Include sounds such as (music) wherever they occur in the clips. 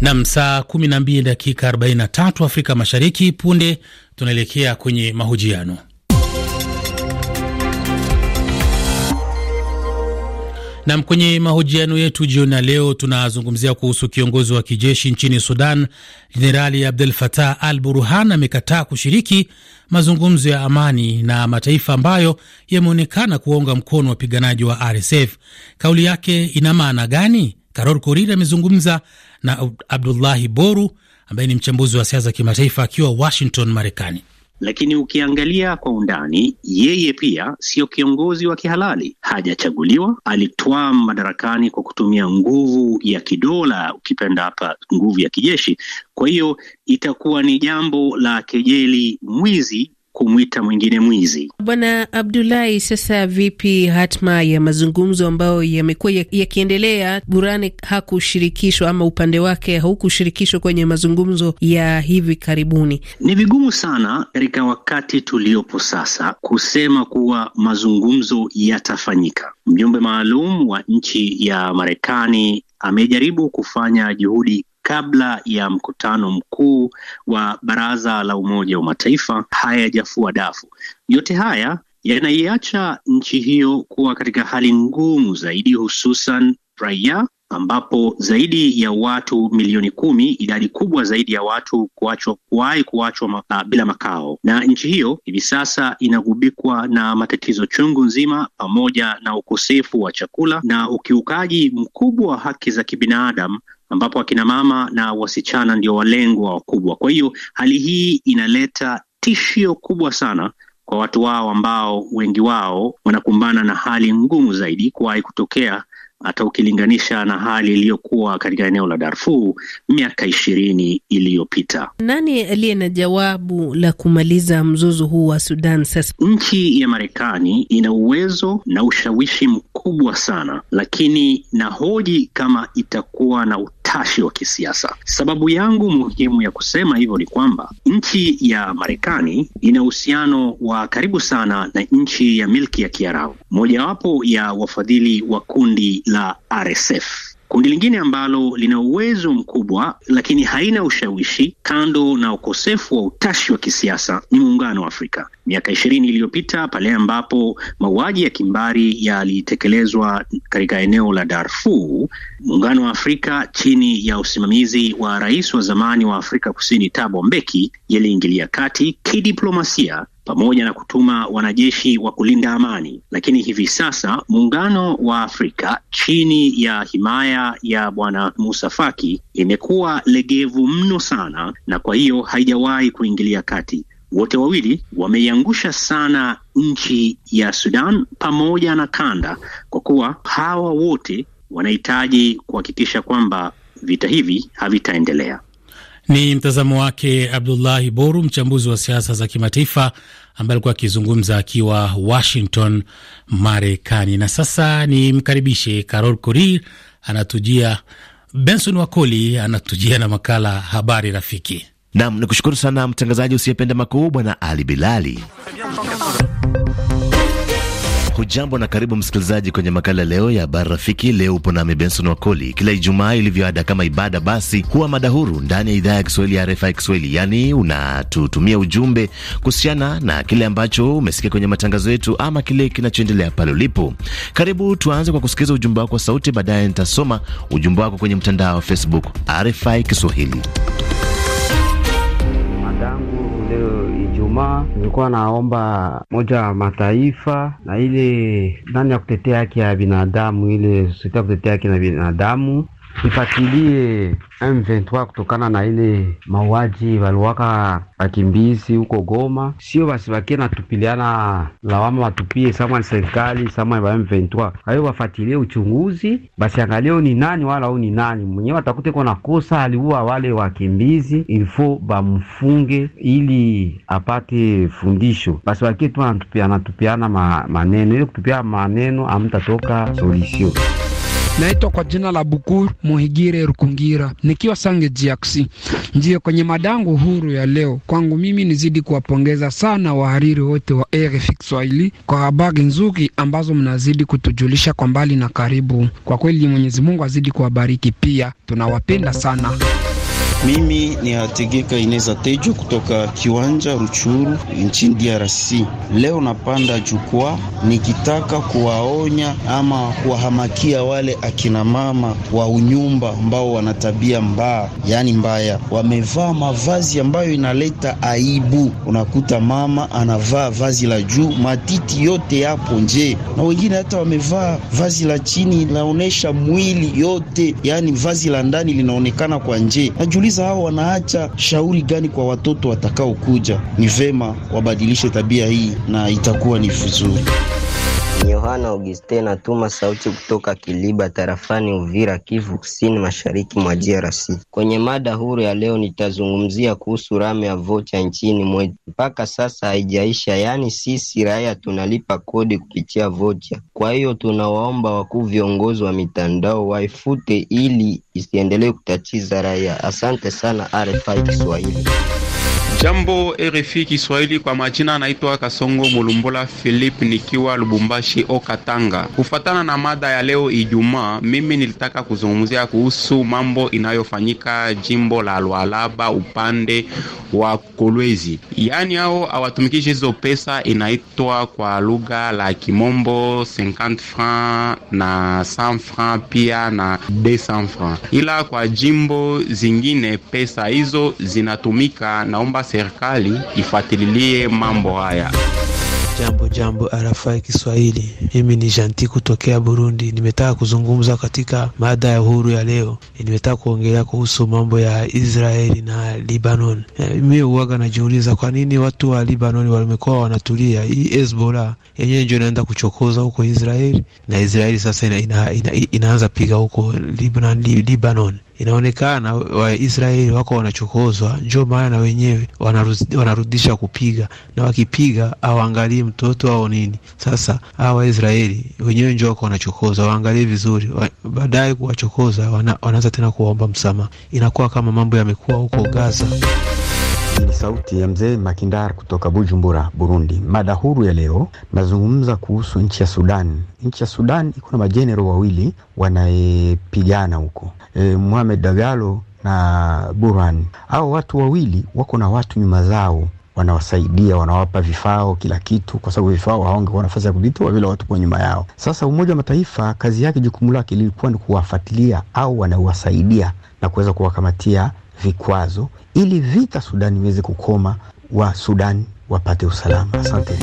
Nam, saa 12 dakika 43 Afrika Mashariki. Punde tunaelekea kwenye mahojiano. Nam, kwenye mahojiano yetu jioni ya leo tunazungumzia kuhusu kiongozi wa kijeshi nchini Sudan, Jenerali Abdel Fattah al Burhan amekataa kushiriki mazungumzo ya amani na mataifa ambayo yameonekana kuwaunga mkono wapiganaji wa RSF. Kauli yake ina maana gani? Karol korir amezungumza na Abdullahi Boru ambaye ni mchambuzi wa siasa za kimataifa akiwa Washington, Marekani. Lakini ukiangalia kwa undani, yeye pia sio kiongozi wa kihalali, hajachaguliwa. Alitwaa madarakani kwa kutumia nguvu ya kidola, ukipenda hapa nguvu ya kijeshi. Kwa hiyo itakuwa ni jambo la kejeli mwizi kumwita mwingine mwizi. Bwana Abdulahi, sasa vipi hatma ya mazungumzo ambayo yamekuwa yakiendelea? ya Burani hakushirikishwa ama upande wake haukushirikishwa kwenye mazungumzo ya hivi karibuni. Ni vigumu sana katika wakati tuliopo sasa kusema kuwa mazungumzo yatafanyika. Mjumbe maalum wa nchi ya Marekani amejaribu kufanya juhudi kabla ya mkutano mkuu wa Baraza la Umoja wa Mataifa hayajafua dafu. Yote haya yanaiacha nchi hiyo kuwa katika hali ngumu zaidi, hususan raia ambapo zaidi ya watu milioni kumi, idadi kubwa zaidi ya watu kuachwa kuwahi kuachwa ma, bila makao. Na nchi hiyo hivi sasa inagubikwa na matatizo chungu nzima, pamoja na ukosefu wa chakula na ukiukaji mkubwa wa haki za kibinadamu ambapo akina mama na wasichana ndio walengwa wakubwa. Kwa hiyo hali hii inaleta tishio kubwa sana kwa watu wao ambao wengi wao wanakumbana na hali ngumu zaidi kuwahi kutokea hata ukilinganisha na hali iliyokuwa katika eneo la Darfur miaka ishirini iliyopita. Nani aliye na jawabu la kumaliza mzozo huu wa Sudan sasa? Nchi ya Marekani ina uwezo na ushawishi kubwa sana, lakini nahoji kama itakuwa na utashi wa kisiasa. Sababu yangu muhimu ya kusema hivyo ni kwamba nchi ya Marekani ina uhusiano wa karibu sana na nchi ya milki ya Kiarabu, mojawapo ya wafadhili wa kundi la RSF Kundi lingine ambalo lina uwezo mkubwa lakini haina ushawishi kando na ukosefu wa utashi wa kisiasa ni Muungano wa Afrika. Miaka ishirini iliyopita pale ambapo mauaji ya kimbari yalitekelezwa katika eneo la Darfur, Muungano wa Afrika chini ya usimamizi wa rais wa zamani wa Afrika Kusini Thabo Mbeki yaliingilia kati kidiplomasia pamoja na kutuma wanajeshi wa kulinda amani, lakini hivi sasa muungano wa Afrika chini ya himaya ya bwana Musa Faki imekuwa legevu mno sana, na kwa hiyo haijawahi kuingilia kati. Wote wawili wameiangusha sana nchi ya Sudan pamoja na kanda, kwa kuwa hawa wote wanahitaji kuhakikisha kwamba vita hivi havitaendelea. Ni mtazamo wake Abdullahi Boru, mchambuzi wa siasa za kimataifa ambaye alikuwa akizungumza akiwa Washington, Marekani. Na sasa ni mkaribishe Carol Korir anatujia, Benson Wakoli anatujia na makala Habari Rafiki. Nam ni kushukuru sana mtangazaji usiyependa makuu, Bwana Ali Bilali. Hujambo na karibu msikilizaji kwenye makala leo ya habari rafiki. Leo upo nami Benson Wakoli. Kila Ijumaa ilivyoada kama ibada, basi huwa mada huru ndani ya idhaa ya Kiswahili ya RFI Kiswahili, yaani unatutumia ujumbe kuhusiana na kile ambacho umesikia kwenye matangazo yetu ama kile kinachoendelea pale ulipo. Karibu, tuanze kwa kusikiliza ujumbe wako wa sauti, baadaye nitasoma ujumbe wako kwenye mtandao wa Facebook RFI Kiswahili. jamaa nilikuwa naomba moja ya mataifa na ile nani ya kutetea haki ya binadamu, ile sita ya kutetea haki na binadamu ifatilie M23 kutokana na ile mauaji waliwaka wakimbizi huko Goma, sio basi wakie natupiliana lawama, watupie ni serikali sama ba M23. Kwa wafatilie uchunguzi basi, angalie ni nani wala au ni nani mwenyewe watakute kona kosa aliua wale wakimbizi, ilifo bamfunge ili apate fundisho. Basi wakie tu anatupiana tupiana maneno, ile kutupia maneno amtatoka solution. Naitwa kwa jina la Bukuru Muhigire Rukungira, nikiwa Sange Jiaksi ndio kwenye madangu huru ya leo. Kwangu mimi nizidi kuwapongeza sana wahariri wote wa RFI Kiswahili kwa habari nzuri ambazo mnazidi kutujulisha kwa mbali na karibu. Kwa kweli Mwenyezi Mungu azidi kuwabariki pia, tunawapenda sana. Mimi ni Hategeka Ineza Tejo kutoka kiwanja Ruchuru nchini DRC. Leo napanda jukwaa nikitaka kuwaonya ama kuwahamakia wale akinamama wa unyumba ambao wana tabia mbaya, yaani mbaya, wamevaa mavazi ambayo inaleta aibu. Unakuta mama anavaa vazi la juu, matiti yote yapo nje, na wengine hata wamevaa vazi la chini, inaonyesha mwili yote, yaani vazi la ndani linaonekana kwa nje. Najuliza Tunajiuliza hao wanaacha shauri gani kwa watoto watakaokuja? Ni vema wabadilishe tabia hii na itakuwa ni vizuri. Ni Yohana Augustin natuma sauti kutoka Kiliba tarafani Uvira, Kivu Kusini, mashariki mwa DRC. Kwenye mada huru ya leo nitazungumzia kuhusu rame ya vocha nchini mwetu. Mpaka sasa haijaisha, yaani sisi raia tunalipa kodi kupitia vocha. Kwa hiyo tunawaomba wakuu viongozi wa mitandao waifute ili isiendelee kutatiza raia. Asante sana RFI Kiswahili. Jambo RFI Kiswahili, kwa majina naitwa Kasongo Mulumbula Philip nikiwa Lubumbashi okatanga Kufatana na mada ya leo Ijumaa, mimi nilitaka kuzungumzia kuhusu mambo inayofanyika jimbo la Lualaba upande wa Kolwezi, yaani hao hawatumikishi hizo pesa, inaitwa kwa lugha la Kimombo 50 franc na 100 franc pia na 200 franc, ila kwa jimbo zingine pesa hizo zinatumika, naomba serikali ifuatilie mambo haya. Jambo jambo, RFI Kiswahili. Mimi ni Janti kutokea Burundi. Nimetaka kuzungumza katika mada ya uhuru ya leo. Nimetaka kuongelea kuhusu mambo ya Israeli na Libanon. Eh, Mi uwaga najiuliza kwa nini watu wa Libanon wamekuwa wanatulia. Hii Hezbollah yenyewe ndio inaenda kuchokoza huko Israeli, na Israeli sasa ina, ina, ina, inaanza piga huko Libanon, Libanon inaonekana Waisraeli wako wanachokozwa, njo maana na wenyewe wanarudisha, kupiga, na wakipiga awaangalie mtoto au nini. Sasa hawa Waisraeli wenyewe njo wako wanachokozwa, waangalie vizuri wa, baadaye kuwachokoza wanaanza tena kuwaomba msamaha. Inakuwa kama mambo yamekuwa huko Gaza. Ni sauti ya mzee Makindar kutoka Bujumbura, Burundi. Mada huru ya leo nazungumza kuhusu nchi ya Sudan. Nchi ya Sudan iko na majenero wawili wanayepigana huko, e, Muhamed Dagalo na Burhan. Hao watu wawili wako na watu nyuma zao wanawasaidia wanawapa vifao kila kitu, kwa sababu vifao haongekuwa nafasi ya kuvitoa vile watu kwa nyuma yao. Sasa Umoja wa Mataifa kazi yake, jukumu lake lilikuwa ni kuwafuatilia au wanawasaidia na kuweza kuwakamatia vikwazo ili vita Sudani iweze kukoma, wa Sudani wapate usalama. Asante.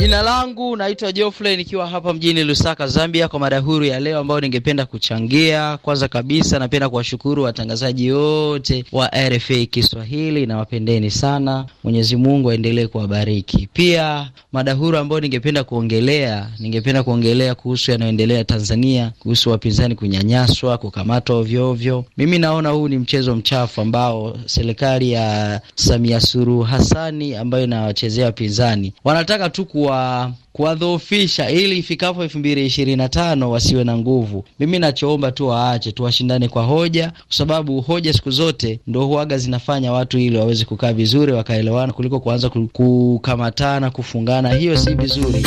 Jina langu naitwa Geoffrey nikiwa hapa mjini Lusaka, Zambia, kwa mada huru ya leo ambayo ningependa kuchangia. Kwanza kabisa, napenda kuwashukuru watangazaji wote wa RFA Kiswahili na wapendeni sana. Mwenyezi Mungu aendelee kuwabariki. Pia mada huru ambayo ningependa kuongelea, ningependa kuongelea kuhusu yanayoendelea Tanzania, kuhusu wapinzani kunyanyaswa, kukamatwa ovyoovyo. Mimi naona huu ni mchezo mchafu ambao serikali ya Samia Suluhu Hassani ambayo inawachezea wapinzani, wanataka tu kuwa kwa kuwadhoofisha ili ifikapo elfu mbili ishirini na tano wasiwe na nguvu. Mimi nachoomba tu waache tu washindane kwa hoja, kwa sababu hoja siku zote ndo huaga zinafanya watu ili waweze kukaa vizuri wakaelewana, kuliko kuanza kukamatana, kufungana. Hiyo si vizuri.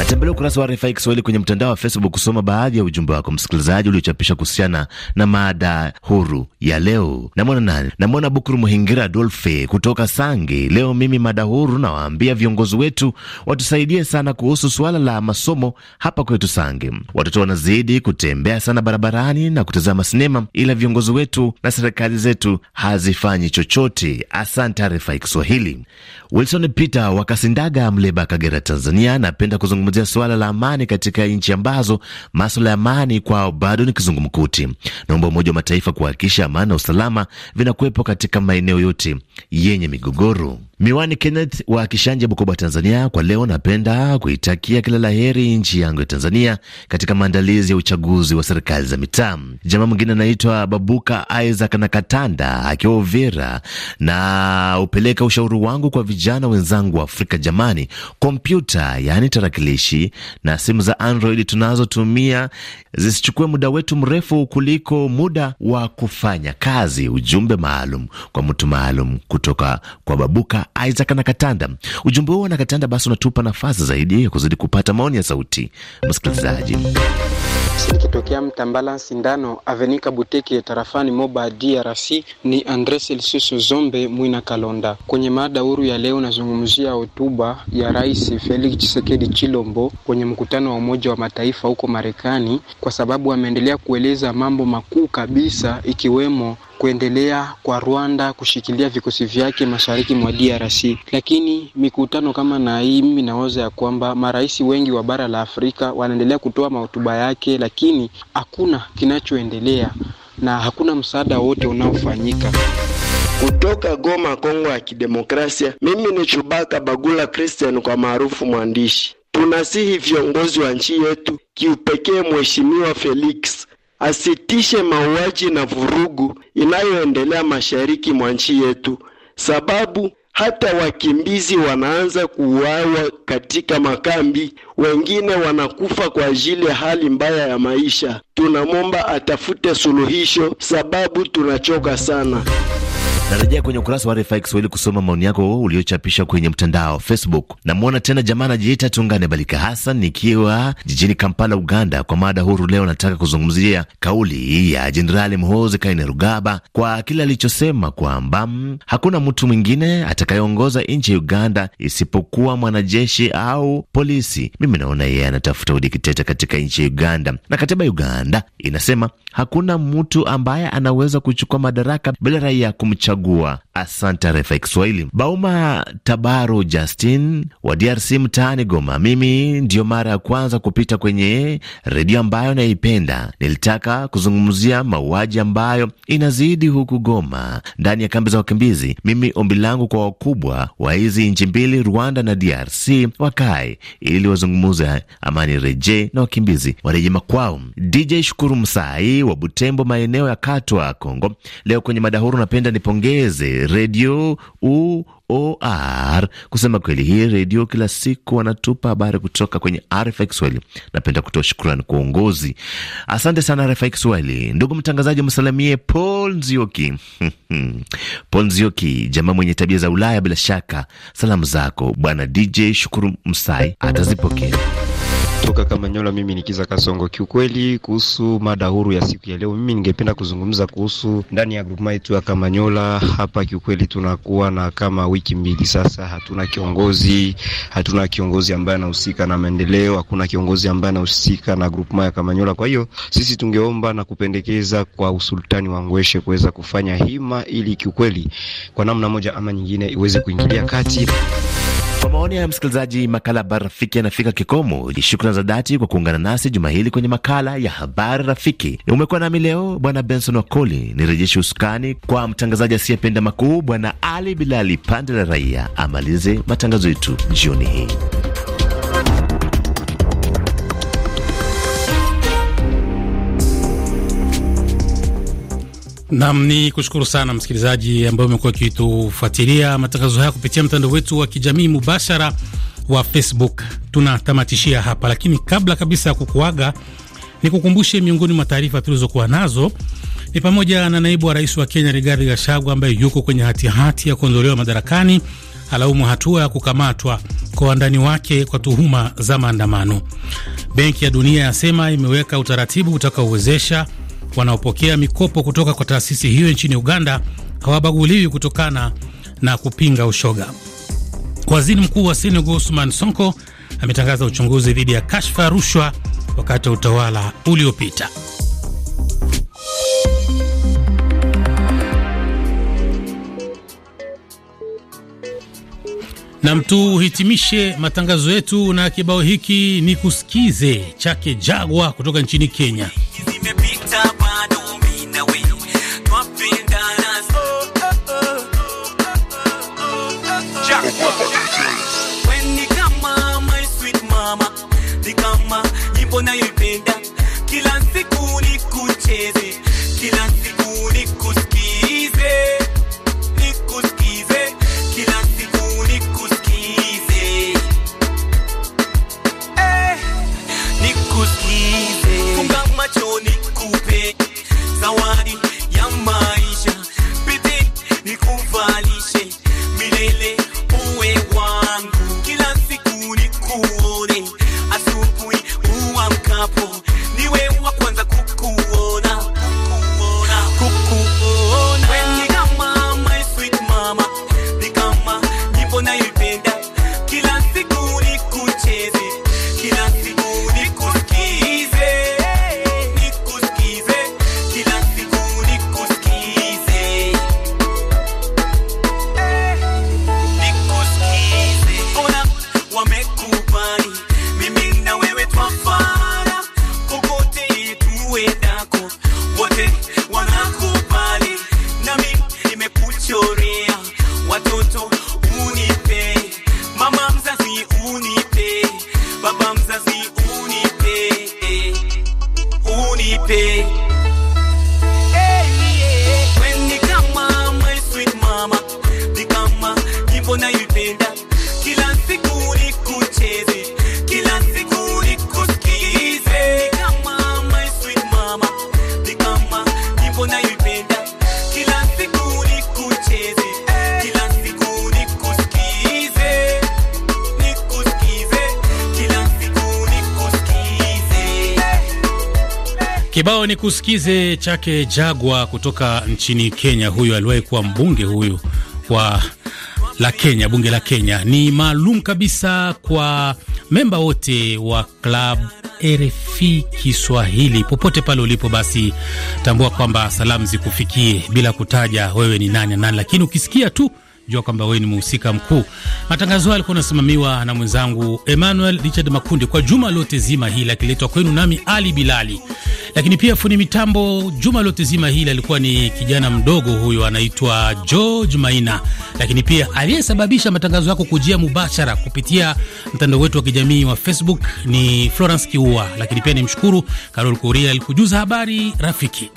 Natembelea ukurasa wa RFI Kiswahili kwenye mtandao wa Facebook kusoma baadhi ya ujumbe wako msikilizaji uliochapisha kuhusiana na mada huru ya leo. Namwona nani? Namwona Bukuru Muhingira Adolfe kutoka Sange. Leo mimi mada huru, nawaambia viongozi wetu watusaidie sana kuhusu suala la masomo hapa kwetu Sange. Watoto wanazidi kutembea sana barabarani na kutazama sinema, ila viongozi wetu na serikali zetu hazifanyi chochote. Asante RFI Kiswahili. Wilson Peter Wakasindaga, Mleba, Kagera, Tanzania, napenda kuzungumza kuzungumzia suala la amani katika nchi ambazo maswala ya amani kwao bado ni kizungumkuti. Naomba Umoja wa Mataifa kuhakikisha amani na usalama vinakuwepo katika maeneo yote yenye migogoro. Miwani Kenneth wa Kishanja, Bukoba, Tanzania. Kwa leo napenda kuitakia kila la heri nchi yangu ya Tanzania katika maandalizi ya uchaguzi wa serikali za mitaa. Jamaa mwingine anaitwa Babuka Isaac na Katanda akiwa Uvira, na upeleka ushauri wangu kwa vijana wenzangu wa Afrika. Jamani, kompyuta yaani tarakilishi na simu za Android tunazotumia zisichukue muda wetu mrefu kuliko muda wa kufanya kazi. Ujumbe maalum kwa mtu maalum kutoka kwa Babuka Isaac Nakatanda. Ujumbe huo Nakatanda basi unatupa nafasi zaidi ya kuzidi kupata maoni ya sauti msikilizaji. Nikitokea Mtambala Sindano Avenika Buteki tarafani Moba DRC ni Andre Selsuso Zombe Mwina Kalonda. Kwenye mada huru ya leo nazungumzia hotuba ya Rais Felix chisekedi Chilombo kwenye mkutano wa Umoja wa Mataifa huko Marekani kwa sababu ameendelea kueleza mambo makuu kabisa, ikiwemo kuendelea kwa Rwanda kushikilia vikosi vyake mashariki mwa DRC. Lakini mikutano kama na hii, mimi nawaza ya kwamba marais wengi wa bara la Afrika wanaendelea kutoa mahotuba yake, lakini hakuna kinachoendelea na hakuna msaada wote unaofanyika. Kutoka Goma, Kongo ya Kidemokrasia, mimi ni Chubaka Bagula Christian, kwa maarufu mwandishi tunasihi viongozi wa nchi yetu, kiupekee Mheshimiwa Felix asitishe mauaji na vurugu inayoendelea mashariki mwa nchi yetu, sababu hata wakimbizi wanaanza kuuawa katika makambi, wengine wanakufa kwa ajili ya hali mbaya ya maisha. Tunamwomba atafute suluhisho, sababu tunachoka sana. Narejea kwenye ukurasa wa RFI Kiswahili kusoma maoni yako uliochapisha kwenye mtandao Facebook. Namwona tena jamaa anajiita Tungane Balika Hassan nikiwa jijini Kampala, Uganda. Kwa mada huru leo, nataka kuzungumzia kauli ya Jenerali Muhoozi Kainerugaba kwa kile alichosema kwamba mm, hakuna mtu mwingine atakayeongoza nchi ya Uganda isipokuwa mwanajeshi au polisi. Mimi naona yeye anatafuta udikiteta katika nchi ya Uganda, na katiba ya Uganda inasema hakuna mtu ambaye anaweza kuchukua madaraka bila raia kumchagua Lagoa. Asante refa Kiswahili. Bauma Tabaru Justin wa DRC mtaani Goma. Mimi ndiyo mara ya kwanza kupita kwenye redio ambayo naipenda. Nilitaka kuzungumzia mauaji ambayo inazidi huku Goma ndani ya kambi za wakimbizi. Mimi ombi langu kwa wakubwa wa hizi nchi mbili, Rwanda na DRC, wakae ili wazungumuze amani rejee na wakimbizi wareje makwao. DJ Shukuru Msai wa Butembo, maeneo ya Katwa, Kongo. Leo kwenye madahuru napenda nipongeze redio OR. Kusema kweli, hii redio kila siku wanatupa habari kutoka kwenye RFI Kiswahili. Napenda kutoa shukrani kwa uongozi. Asante sana RFI Kiswahili. Ndugu mtangazaji, msalimie Paul Nzioki. (laughs) Paul Nzioki, jamaa mwenye tabia za Ulaya. Bila shaka salamu zako bwana DJ Shukuru Msai atazipokea. Toka Kamanyola, mimi ni Kiza Kasongo. Kiukweli, kuhusu mada huru ya siku ya leo, mimi ningependa kuzungumza kuhusu ndani ya grupma yetu ya Kamanyola hapa. Kiukweli, tunakuwa na kama wiki mbili sasa, hatuna kiongozi, hatuna kiongozi ambaye anahusika na maendeleo, hakuna kiongozi ambaye anahusika na grupma ya Kamanyola. Kwa hiyo sisi tungeomba na kupendekeza kwa usultani wa Ngweshe kuweza kufanya hima ili kiukweli, kwa namna moja ama nyingine, iweze kuingilia kati kwa maoni ya msikilizaji, makala Habari Rafiki yanafika kikomo. Ni shukrani za dhati kwa kuungana nasi juma hili kwenye makala ya Habari Rafiki. Umekuwa nami leo Bwana Benson Wakoli. Nirejeshe usukani kwa mtangazaji asiyependa makuu, Bwana Ali Bilali Pande la Raia amalize matangazo yetu jioni hii. Nam ni kushukuru sana msikilizaji ambaye umekuwa ukitufuatilia matangazo haya kupitia mtandao wetu wa kijamii mubashara wa Facebook. Tunatamatishia hapa, lakini kabla kabisa ya kukuaga, kukumbushe miongoni mwa taarifa tulizokuwa nazo ni pamoja na naibu wa rais wa Kenya Rigathi Gachagua ambaye yuko kwenye hatihati ya kuondolewa madarakani, alaumu hatua ya kukamatwa kwa wandani wake kwa tuhuma za maandamano. Benki ya Dunia yasema imeweka utaratibu utakaowezesha wanaopokea mikopo kutoka kwa taasisi hiyo nchini Uganda hawabaguliwi kutokana na kupinga ushoga. Waziri Mkuu wa Senegal Ousmane Sonko ametangaza uchunguzi dhidi ya kashfa ya rushwa wakati wa utawala uliopita. mtu uhitimishe matangazo yetu na kibao hiki ni kusikize chake Jagwa kutoka nchini Kenya. pour Kibao ni kusikize chake Jagwa kutoka nchini Kenya. Huyu aliwahi kuwa mbunge huyu wa la Kenya, bunge la Kenya. Ni maalum kabisa kwa memba wote wa club RFI Kiswahili popote pale ulipo, basi tambua kwamba salamu zikufikie bila kutaja wewe ni nani nani, lakini ukisikia tu kujua kwamba wewe ni mhusika mkuu. Matangazo hayo yalikuwa yanasimamiwa na mwenzangu Emmanuel Richard Makundi kwa juma lote zima hili, akiletwa kwenu nami Ali Bilali. Lakini pia fundi mitambo juma lote zima hili alikuwa ni kijana mdogo huyo anaitwa George Maina, lakini pia aliyesababisha matangazo yako kujia mubashara kupitia mtandao wetu wa kijamii wa Facebook ni Florence Kiua, lakini pia nimshukuru Karol Kuria alikujuza habari rafiki.